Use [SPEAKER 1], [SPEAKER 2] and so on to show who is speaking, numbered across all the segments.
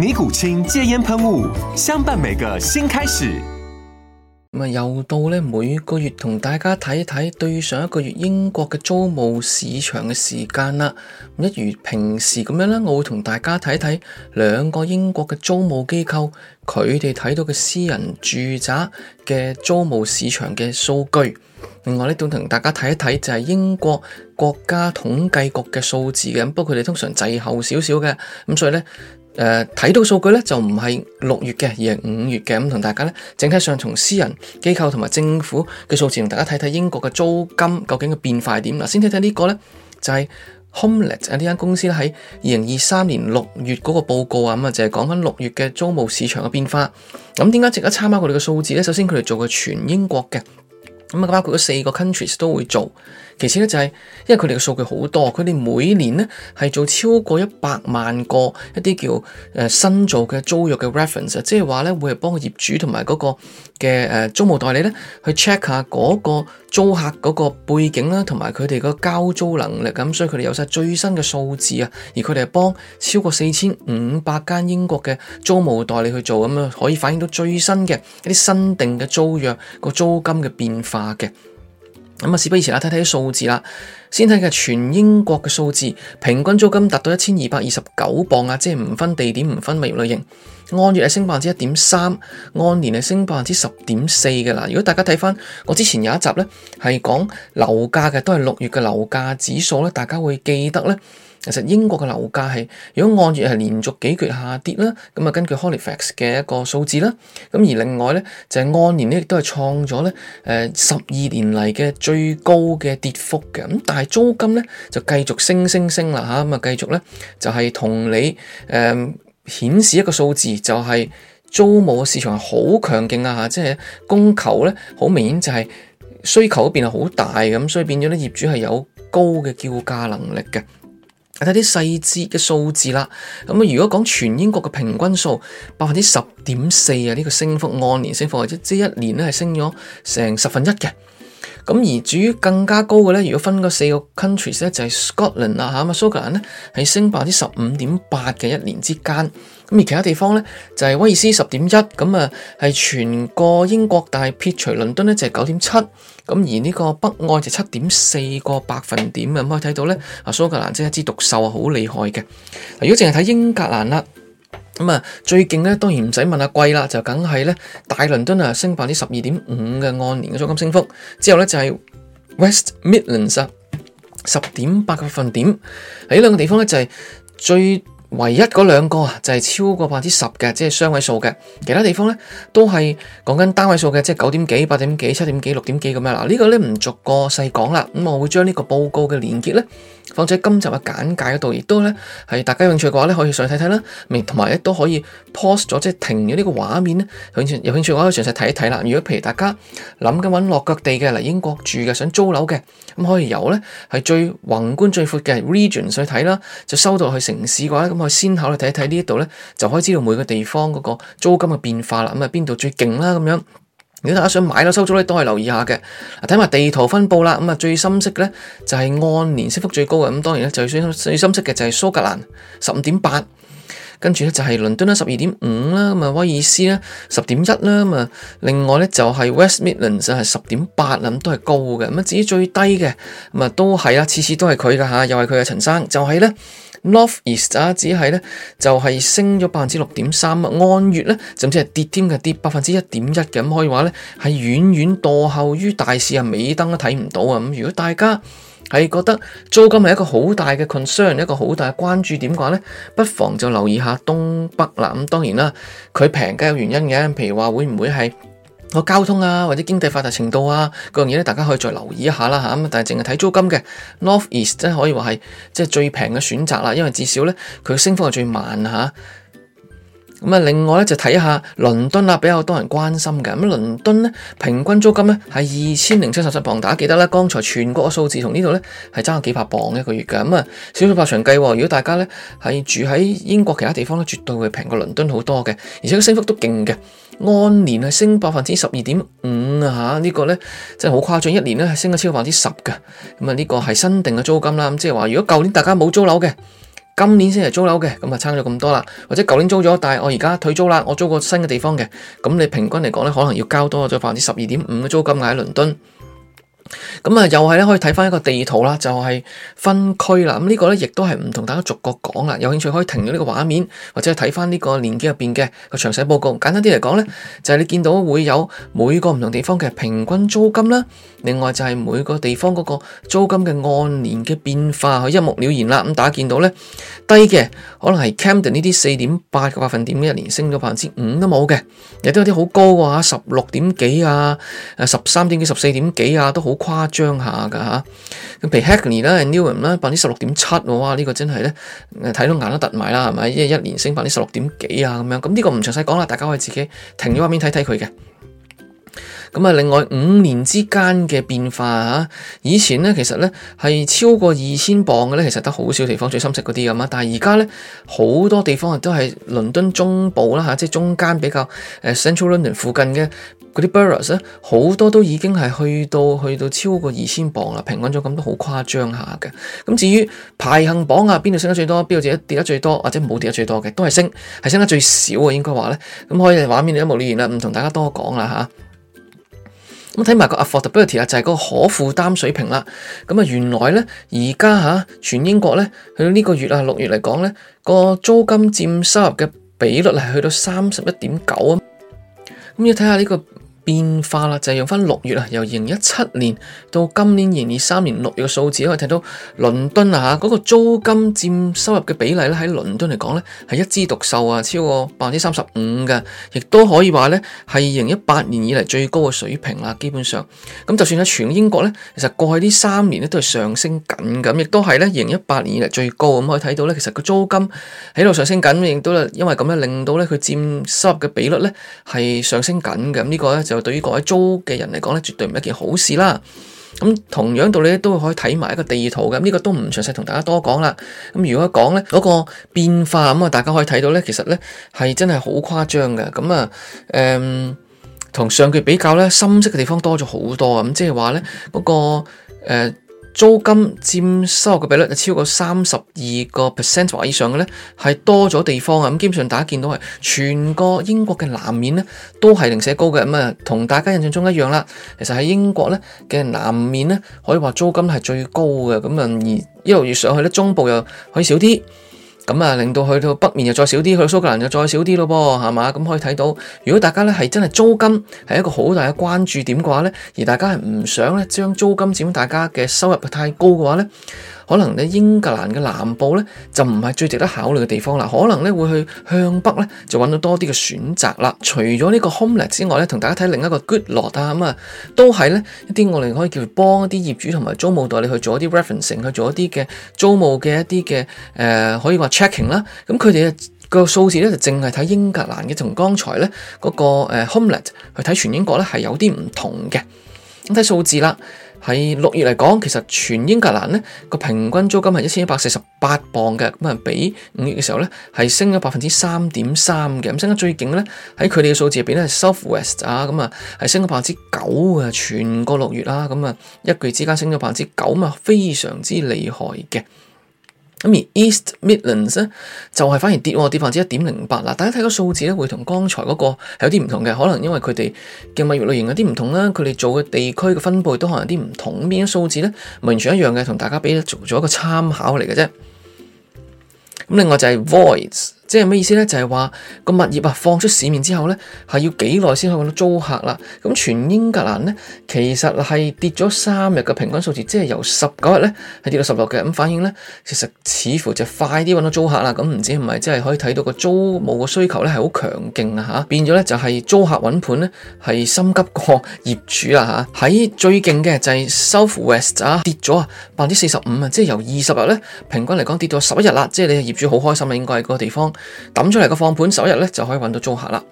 [SPEAKER 1] 尼古清戒煙噴霧，相伴每個新開始。咁啊，又到咧每個月同大家睇一睇對上一個月英國嘅租務市場嘅時間啦。一如平時咁樣呢，我會同大家睇一睇兩個英國嘅租務機構，佢哋睇到嘅私人住宅嘅租務市場嘅數據。另外咧，都同大家睇一睇就係英國國家統計局嘅數字嘅，不過佢哋通常滯後少少嘅。咁所以呢。睇、呃、到數據咧就唔係六月嘅，而係五月嘅。咁、嗯、同大家咧，整體上從私人機構同埋政府嘅數字，同大家睇睇英國嘅租金究竟嘅變化係點。嗱，先睇睇呢個咧，就係、是、Homelet 呢間公司喺二零二三年六月嗰個報告啊，咁、嗯、啊就係講緊六月嘅租務市場嘅變化。咁點解值得參考佢哋嘅數字咧？首先佢哋做過全英國嘅，咁、嗯、啊包括咗四個 countries 都會做。其次咧就係、是，因為佢哋嘅數據好多，佢哋每年呢，係做超過一百萬個一啲叫誒新造嘅租約嘅 reference 即係話咧會係幫個業主同埋嗰個嘅誒租務代理呢，去 check 下嗰個租客嗰個背景啦，同埋佢哋個交租能力咁，所以佢哋有晒最新嘅數字啊，而佢哋係幫超過四千五百間英國嘅租務代理去做咁啊，可以反映到最新嘅一啲新定嘅租約、個租金嘅變化嘅。咁啊，事不宜遲啦，睇睇啲數字啦。先睇嘅全英國嘅數字，平均租金達到一千二百二十九鎊啊，即係唔分地點，唔分物業類型。按月係升百分之一點三，按年係升百分之十點四嘅啦。如果大家睇翻我之前有一集咧，係講樓價嘅，都係六月嘅樓價指數咧，大家會記得咧。其實英國嘅樓價係如果按月係連續幾個月下跌啦，咁啊根據 Halifax 嘅一個數字啦，咁而另外咧就係按年咧亦都係創咗咧誒十二年嚟嘅最高嘅跌幅嘅。咁但係租金咧就繼續升升升啦嚇，咁啊繼續咧就係同你誒。呃顯示一個數字就係租務市場好強勁啊，即係供求呢，好明顯就係需求嗰邊好大咁，所以變咗呢業主係有高嘅叫價能力嘅。睇啲細節嘅數字啦，咁啊如果講全英國嘅平均數，百分之十點四啊呢個升幅，按年升幅或者即係一年呢係升咗成十分一嘅。咁而至於更加高嘅咧，如果分個四個 countries 咧，啊，就係 Scotland 啦嚇，咁啊蘇格蘭咧係升百分之十五點八嘅一年之間。咁而其他地方咧就係、是、威爾斯十點一，咁啊係全個英國，大撇除倫敦咧就係九點七。咁而呢個北愛就七點四個百分點啊，咁可以睇到咧啊，蘇格蘭真係一枝獨秀，啊，好厲害嘅。嗱，如果淨係睇英格蘭啦。咁啊，最勁咧，當然唔使問阿、啊、貴啦，就梗係咧大倫敦啊升百分之十二點五嘅按年嘅租金升幅，之後咧就係 West Midlands 十點八個分點。喺兩個地方咧就係最唯一嗰兩個啊，就係超過百分之十嘅，即係雙位數嘅。其他地方咧都係講緊單位數嘅，即係九點幾、八點幾、七點幾、六點幾咁樣。嗱、這個，呢個咧唔逐個細講啦，咁我會將呢個報告嘅連結咧。放喺今集嘅簡介嗰度，亦都咧係大家有興趣嘅話咧，可以上去睇睇啦。同埋咧都可以 post 咗，即係停咗呢個畫面咧。有興趣嘅話，有興趣嘅可以詳細睇一睇啦。如果譬如大家諗緊揾落腳地嘅嚟英國住嘅，想租樓嘅咁，可以由咧係最宏觀最闊嘅 region 上去睇啦，就收到去城市嘅話，咁我先考慮睇一睇呢一度咧，就可以知道每個地方嗰個租金嘅變化啦。咁啊邊度最勁啦咁樣。如果大家想買啦、收租咧，都係留意下嘅。睇埋地圖分布啦，咁啊最深色嘅咧就係按年升幅最高嘅。咁當然咧就係最深色嘅就係蘇格蘭十五點八，跟住呢就係倫敦啦十二點五啦，咁啊威爾斯呢，十點一啦，咁啊另外呢就係 West Midlands 係十點八啊，咁都係高嘅。咁至於最低嘅咁啊都係啦，次次都係佢嘅嚇，又係佢嘅陳生就係、是、呢。Loft 啊，North East，只係咧就係、是、升咗百分之六點三，按月咧甚至係跌添嘅，跌百分之一點一嘅。咁，1. 1可以話咧係遠遠落後於大市啊，尾燈都睇唔到啊！咁如果大家係覺得租金係一個好大嘅 concern，一個好大嘅關注點嘅話咧，不妨就留意下東北啦。咁當然啦，佢平梗係有原因嘅，譬如話會唔會係？個交通啊，或者經濟發達程度啊，各樣嘢大家可以再留意一下啦嚇、啊。但係淨係睇租金嘅 North East 真係可以話係、即係、最平嘅選擇啦，因為至少咧佢升幅係最慢嚇。啊。另外呢就睇下倫敦啦，比較多人關心嘅。倫敦呢，平均租金呢係二千零七十七磅，大家記得啦。剛才全國個數字同呢度呢係差咗幾百磅一個月嘅。咁啊，小數怕長計，如果大家呢係住喺英國其他地方呢，絕對會平過倫敦好多嘅。而且個升幅都勁嘅，按年係升百分之十二點五啊！嚇、這個，呢個呢真係好誇張，一年呢係升咗超過百分之十嘅。咁啊，呢個係新訂嘅租金啦。咁即係話，如果舊年大家冇租樓嘅。今年先嚟租樓嘅，咁就差咗咁多啦，或者舊年租咗，但係我而家退租啦，我租個新嘅地方嘅，咁你平均嚟講咧，可能要交多咗百分之十二點五嘅租金喺倫敦。咁啊，又係咧，可以睇翻一個地圖啦，就係分區啦。咁呢個咧，亦都係唔同大家逐個講啦。有興趣可以停咗呢個畫面，或者睇翻呢個鏈接入邊嘅個詳細報告。簡單啲嚟講咧，就係你見到會有每個唔同地方嘅平均租金啦。另外就係每個地方嗰個租金嘅按年嘅變化，佢一目了然啦。咁大家見到咧，低嘅可能係 Camden 呢啲四點八個百分點，一年升咗百分之五都冇嘅。亦都有啲好高嘅話，十六點幾啊，誒，十三點幾、十四點幾啊，都好。誇張下㗎吓，咁譬如 Hackney 啦、啊、Newham 啦、啊，百分之十六點七，哇！呢、這個真係咧，睇、呃、到眼都突埋啦，係咪？一一年升百分之十六點幾啊，咁樣。咁呢個唔詳細講啦，大家可以自己停咗畫面睇睇佢嘅。咁啊，另外五年之間嘅變化啊，以前咧其實咧係超過二千磅嘅咧，其實得好少地方最深色嗰啲咁啊，但係而家咧好多地方啊都係倫敦中部啦吓、啊，即係中間比較誒、啊、Central London 附近嘅。嗰啲 boroughs 咧，好多都已經係去到去到超過二千磅啦。平均咗金都好誇張下嘅。咁至於排行榜啊，邊度升得最多，邊度跌得跌得最多，或者冇跌得最多嘅，都係升，係升得最少啊，應該話咧。咁可以畫面一目了然啦，唔同大家多講啦吓，咁睇埋個 affordability 啊，就係個可負擔水平啦。咁啊，原來咧而家吓，全英國咧，去到呢個月啊六月嚟講咧，個租金佔收入嘅比率係去到三十一點九啊。咁要睇下呢個。變化啦，就係、是、用翻六月啊，由二零一七年到今年二零二三年六月嘅數字，可以睇到倫敦啊嚇嗰個租金佔收入嘅比例咧，喺倫敦嚟講咧係一枝獨秀啊，超過百分之三十五㗎，亦都可以話咧係二零一八年以嚟最高嘅水平啦。基本上咁，就算喺全英國咧，其實過去呢三年咧都係上升緊，咁，亦都係咧二零一八年以嚟最高，咁可以睇到咧，其實個租金喺度上升緊，亦都因為咁樣令到咧佢佔收入嘅比率咧係上升緊嘅。呢個咧就是。對於各位租嘅人嚟講咧，絕對唔係一件好事啦。咁同樣道理咧，都可以睇埋一個地圖嘅。呢、這個都唔詳細同大家多講啦。咁如果講咧嗰個變化咁啊，大家可以睇到咧，其實咧係真係好誇張嘅。咁啊，誒、嗯、同上個月比較咧，深色嘅地方多咗好多。咁即係話咧嗰個、呃租金占收入嘅比率就超過三十二個 percent 或以上嘅咧，係多咗地方啊！基本上大家見到係全個英國嘅南面咧，都係零舍高嘅咁啊，同大家印象中一樣啦。其實喺英國咧嘅南面咧，可以話租金係最高嘅咁啊，而一路上去咧，中部又可以少啲。咁啊，令到去到北面又再少啲，去到蘇格蘭又再少啲咯噃，係嘛？咁可以睇到，如果大家咧係真係租金係一個好大嘅關注點嘅話咧，而大家係唔想咧將租金佔大家嘅收入太高嘅話咧。可能咧英格蘭嘅南部咧就唔係最值得考慮嘅地方啦，可能咧會去向北咧就揾到多啲嘅選擇啦。除咗呢個 homlet e 之外咧，同大家睇另一個 good l o 落啊，咁啊都係咧一啲我哋可以叫幫一啲業主同埋租務代理去做一啲 referencing，去做一啲嘅租務嘅一啲嘅誒，可以話 checking 啦、啊。咁佢哋嘅數字咧就淨係睇英格蘭嘅，同剛才咧嗰、那個誒 homlet e 去睇全英國咧係有啲唔同嘅。咁睇數字啦。喺六月嚟講，其實全英格蘭咧個平均租金係一千一百四十八磅嘅，咁啊比五月嘅時候咧係升咗百分之三點三嘅，咁升得最勁嘅咧喺佢哋嘅數字入邊咧係 South West 啊咁啊係升咗百分之九啊，全個六月啦，咁啊，啊一個月之間升咗百分之九啊，非常之厲害嘅。咁而 East Midlands 咧，就係、是、反而跌喎，跌百分之一點零八啦，大家睇個數字咧會同剛才嗰個有啲唔同嘅，可能因為佢哋嘅物業類型有啲唔同啦，佢哋做嘅地區嘅分布都可能有啲唔同，咁呢啲數字咧完全一樣嘅，同大家俾做做一個參考嚟嘅啫。咁另外就係 Voids。即係咩意思呢？就係話個物業啊，放出市面之後呢，係要幾耐先可以揾到租客啦？咁全英格蘭呢，其實係跌咗三日嘅平均數字，即係由十九日呢，係跌到十六嘅。咁反映呢，其實似乎就快啲揾到租客啦。咁唔知唔係，即係可以睇到個租務嘅需求呢，係好強勁啊！吓，變咗呢，就係租客揾盤呢，係心急過業主啦！吓、啊，喺最勁嘅就係 South West 啊，跌咗啊，百分之四十五啊，即係由二十日呢，平均嚟講跌到十一日啦。即係你業主好開心啦，應該係嗰個地方。抌出嚟個放盤首日咧，就可以揾到租客啦。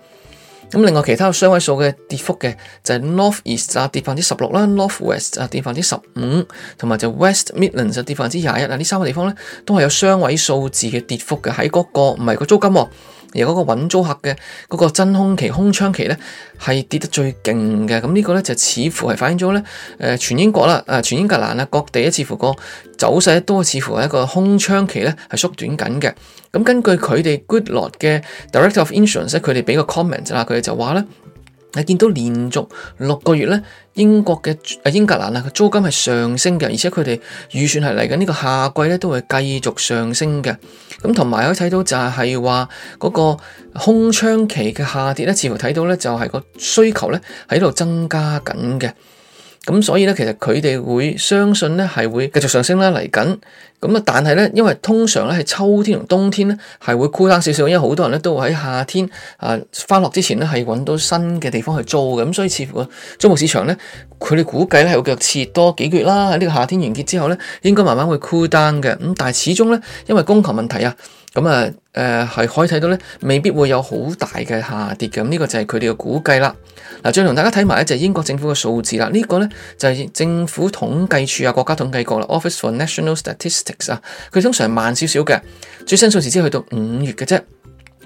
[SPEAKER 1] 咁另外其他有雙位數嘅跌幅嘅就係、是、North East 啊，跌百分之十六啦，North West 啊，跌百分之十五，同埋就 West Midlands 就跌百分之廿一啊。呢三個地方咧，都係有雙位數字嘅跌幅嘅，喺嗰、那個唔係個租金、哦。而嗰個揾租客嘅嗰個真空期、空窗期呢，係跌得最勁嘅。咁呢個呢，就似乎係反映咗呢誒、呃、全英國啦、誒、呃、全英格蘭啊各地咧，似乎個走勢都似乎係一個空窗期呢，係縮短緊嘅。咁根據佢哋 Goodlord 嘅 Director of Insurance，佢哋畀個 comment 啦，佢哋就話呢。你見到連續六個月咧，英國嘅啊英格蘭啊，租金係上升嘅，而且佢哋預算係嚟緊呢個夏季咧，都會繼續上升嘅。咁同埋可以睇到就係話嗰個空窗期嘅下跌咧，似乎睇到咧就係個需求咧喺度增加緊嘅。咁所以咧，其實佢哋會相信咧，係會繼續上升啦嚟緊。咁啊，但係咧，因為通常咧係秋天同冬天咧係會 cool down 少少，因為好多人咧都會喺夏天啊返學之前咧係揾到新嘅地方去租嘅。咁、嗯、所以似乎啊，租務市場咧，佢哋估計咧係會繼續腳蝕多幾月啦。喺呢個夏天完結之後咧，應該慢慢會 cool down 嘅。咁但係始終咧，因為供求問題啊。咁啊，誒係、嗯、可以睇到咧，未必會有好大嘅下跌嘅，咁、嗯、呢、這個就係佢哋嘅估計啦。嗱，再同大家睇埋就隻、是、英國政府嘅數字啦，這個、呢個咧就係、是、政府統計處啊，國家統計局啦，Office for National Statistics 啊，佢通常慢少少嘅，最新數字只去到五月嘅啫。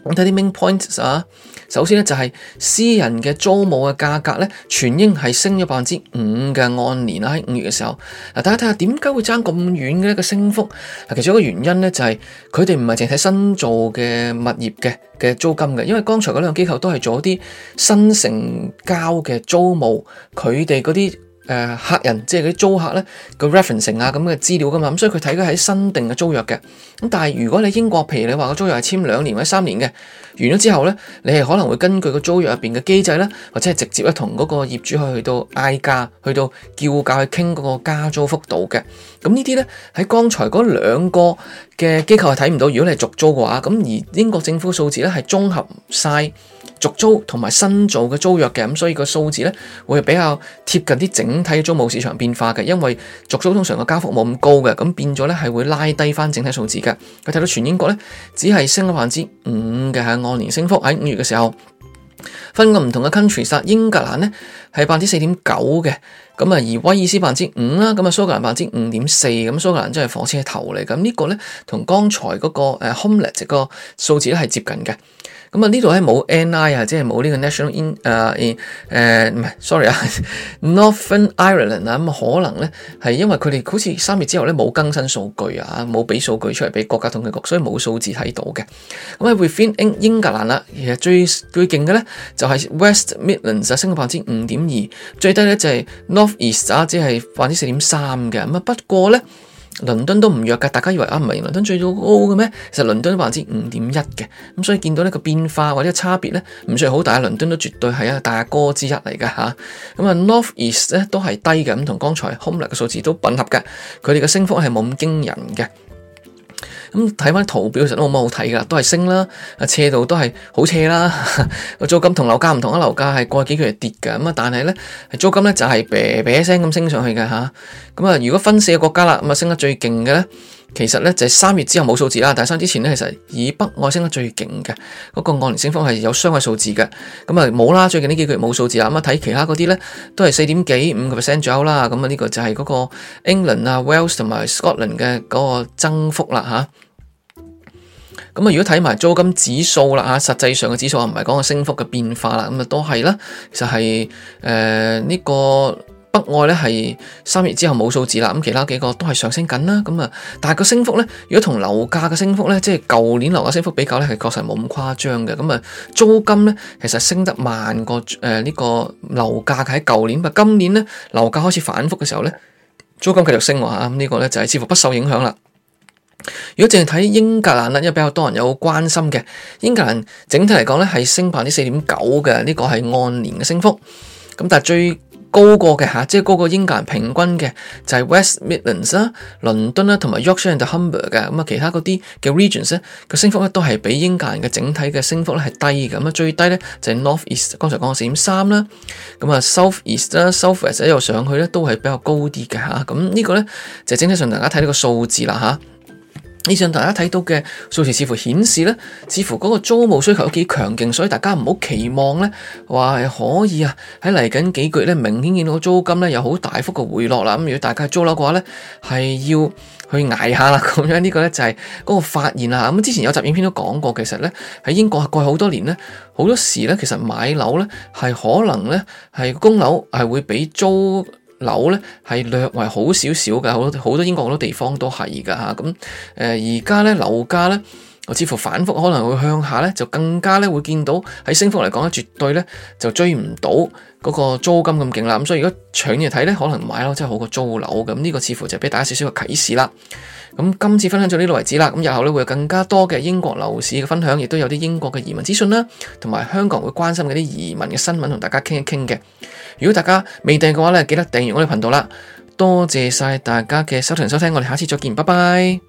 [SPEAKER 1] 咁睇啲 main points 啊首先呢，就係私人嘅租務嘅價格呢，全英係升咗百分之五嘅按年啦，喺五月嘅時候，大家睇下點解會差咁遠嘅一個升幅。其中一個原因呢、就是，就係佢哋唔係淨係新造嘅物業嘅嘅租金嘅，因為剛才嗰兩個機構都係做啲新成交嘅租務，佢哋嗰啲。呃、客人，即係嗰啲租客咧，個 Referencing 啊咁嘅資料噶嘛，咁、嗯、所以佢睇嘅係新定嘅租約嘅。咁但係如果你英國，譬如你話個租約係簽兩年或者三年嘅，完咗之後咧，你係可能會根據個租約入邊嘅機制咧，或者係直接咧同嗰個業主去去到嗌價，去到叫價去傾嗰個加租幅度嘅。咁呢啲咧喺剛才嗰兩個嘅機構係睇唔到，如果你係續租嘅話，咁而英國政府數字咧係綜合晒續租同埋新造嘅租約嘅，咁所以個數字咧會比較貼近啲整體租務市場變化嘅，因為續租通常個加幅冇咁高嘅，咁變咗咧係會拉低返整體數字嘅。佢睇到全英國咧只係升咗百分之五嘅，係按年升幅喺五月嘅時候。分個唔同嘅 country，撒，英格蘭咧係百分之四點九嘅，咁啊而威爾斯百分之五啦，咁啊蘇格蘭百分之五點四，咁蘇格蘭真係火車頭嚟，咁、這個、呢個咧同剛才嗰個誒 homelet 即個數字咧係接近嘅。咁啊，呢度咧冇 NI 啊，即係冇呢個 National In，誒誒唔係，sorry 啊，Northern Ireland 啊，咁啊可能咧係因為佢哋好似三月之後咧冇更新數據啊，冇俾數據出嚟俾國家統計局，所以冇數字睇到嘅。咁喺 Within 英英格蘭啦，其實最最勁嘅咧就係、是、West Midlands 啊，升咗百分之五點二，最低咧就係 North East 啊，只係百分之四點三嘅。咁啊不過咧。倫敦都唔弱㗎，大家以為啊唔係倫敦最早高嘅咩？其實倫敦都百分之五點一嘅，咁所以見到呢個變化或者差別咧，唔算好大。倫敦都絕對係一個大哥之一嚟㗎嚇，咁啊 North East 咧都係低嘅，咁同剛才 Homelet 嘅數字都吻合嘅。佢哋嘅升幅係冇咁驚人嘅。睇翻圖表，其實都冇乜好睇噶，都係升啦，啊，斜度都係好斜啦，個租金同樓價唔同啦，樓價係過幾個月跌嘅，咁啊，但係咧，租金咧就係啤啤聲咁升上去嘅嚇，咁啊，如果分四個國家啦，咁啊，升得最勁嘅咧。其實咧就係、是、三月之後冇數字啦，但係三之前咧其實以北愛升得最勁嘅嗰個按年升幅係有雙位數字嘅，咁啊冇啦，最近呢幾個月冇數字啊，咁啊睇其他嗰啲咧都係四點幾五個 percent 左右啦，咁啊呢個就係嗰個 England 啊 Wales 同埋 Scotland 嘅嗰個增幅啦吓，咁啊、嗯、如果睇埋租金指數啦吓、啊，實際上嘅指數啊唔係講個升幅嘅變化啦，咁、嗯、啊都係啦，就係誒呢個。北愛咧係三月之後冇數字啦，咁其他幾個都係上升緊啦。咁啊，但係個升幅咧，如果同樓價嘅升幅咧，即係舊年樓價升幅比較咧，係確實冇咁誇張嘅。咁啊，租金咧其實升得慢過誒呢、呃這個樓價喺舊年，但係今年咧樓價開始反覆嘅時候咧，租金繼續升喎嚇。咁、啊、呢個咧就係、是、似乎不受影響啦。如果淨係睇英格蘭啦，因為比較多人有關心嘅，英格蘭整體嚟講咧係升百分之四點九嘅呢個係按年嘅升幅，咁但係最，高過嘅嚇，即係高過英格蘭平均嘅，就係、是、West Midlands 啦、倫敦啦同埋 Yorkshire and Humber 嘅，咁啊其他嗰啲嘅 regions 咧，佢升幅咧都係比英格蘭嘅整體嘅升幅咧係低嘅，咁啊最低咧就係、是、North East，剛才講到四點三啦，咁啊 South East 啦、South West 一路上去咧都係比較高啲嘅嚇，咁呢個咧就是、整體上大家睇呢個數字啦嚇。以上大家睇到嘅數字似乎顯示咧，似乎嗰個租務需求都幾強勁，所以大家唔好期望咧，話係可以啊，喺嚟緊幾個月咧，明顯見到租金咧有好大幅嘅回落啦。咁如果大家租樓嘅話咧，係要去捱下啦。咁樣這個呢個咧就係、是、嗰個發現啊。咁、嗯、之前有集影片都講過，其實咧喺英國過去好多年咧，好多時咧其實買樓咧係可能咧係供樓係會比租樓咧係略為好少少嘅，好多好多英國好多地方都係㗎嚇，咁誒而家咧樓價咧。我似乎反覆可能會向下呢就更加咧會見到喺升幅嚟講咧，絕對呢就追唔到嗰個租金咁勁啦。咁所以如果長遠嚟睇呢，可能買樓，真係好過租樓咁。呢個似乎就俾大家少少嘅啟示啦。咁今次分享到呢度為止啦。咁日後呢，會有更加多嘅英國樓市嘅分享，亦都有啲英國嘅移民資訊啦，同埋香港會關心嘅啲移民嘅新聞同大家傾一傾嘅。如果大家未訂嘅話呢，記得訂閱我哋頻道啦。多謝晒大家嘅收聽收聽，我哋下次再見，拜拜。